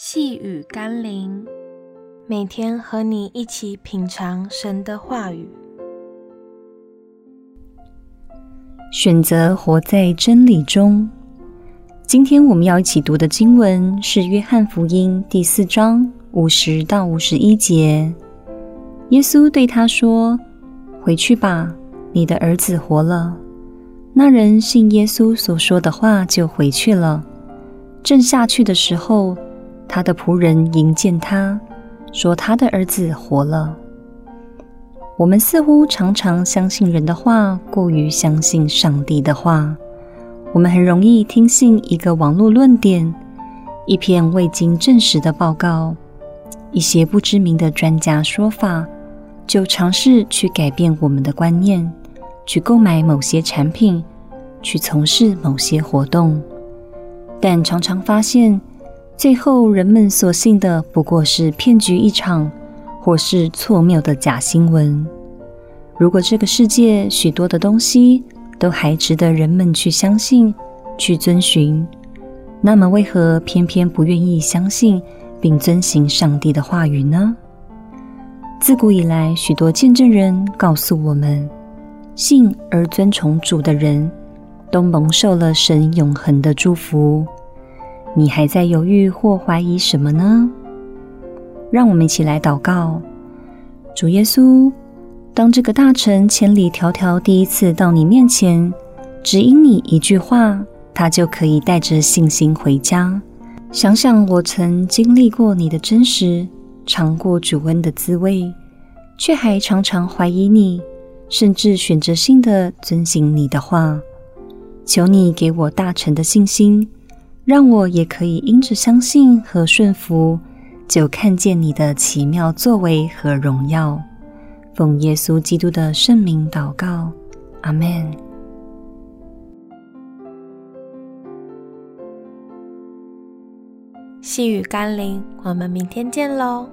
細語甘霖，每天和你一起品嘗神的話語，選擇活在真理中。今天我們要一起讀的經文是《約翰福音》第四章五十到五十一節。耶穌對他說：“回去吧，你的兒子活了。”那人信耶穌所說的話，就回去了。正下去的時候。他的僕人迎見他，說他的兒子活了。我們似乎常常相信人的話，過於相信上帝的話。我們很容易聽信一個網絡論點、一篇未經證實的報告、一些不知名的專家說法，就嘗試去改變我們的觀念，去購買某些產品，去從事某些活動。但常常發現。最後，人們所信的不過是騙局一場，或是錯謬的假新聞。如果這個世界許多的東西都還值得人們去相信、去遵循，那麼為何偏偏不願意相信並遵行上帝的話語呢？自古以來，許多見證人告訴我們：信而遵從主的人都蒙受了神永恆的祝福。你還在猶豫或懷疑什麼呢？讓我們一起來禱告，主耶穌，當這個大臣千里迢迢第一次到你面前，只因你一句話，他就可以帶着信心回家。想想我曾經歷過你的真實，嘗過主恩的滋味，卻還常常懷疑你，甚至選擇性地遵行你的話。求你給我大臣的信心。讓我也可以因著相信和順服，就看見你的奇妙作為和榮耀。奉耶穌基督的聖名禱告，阿門。細語甘霖，我們明天見嘍。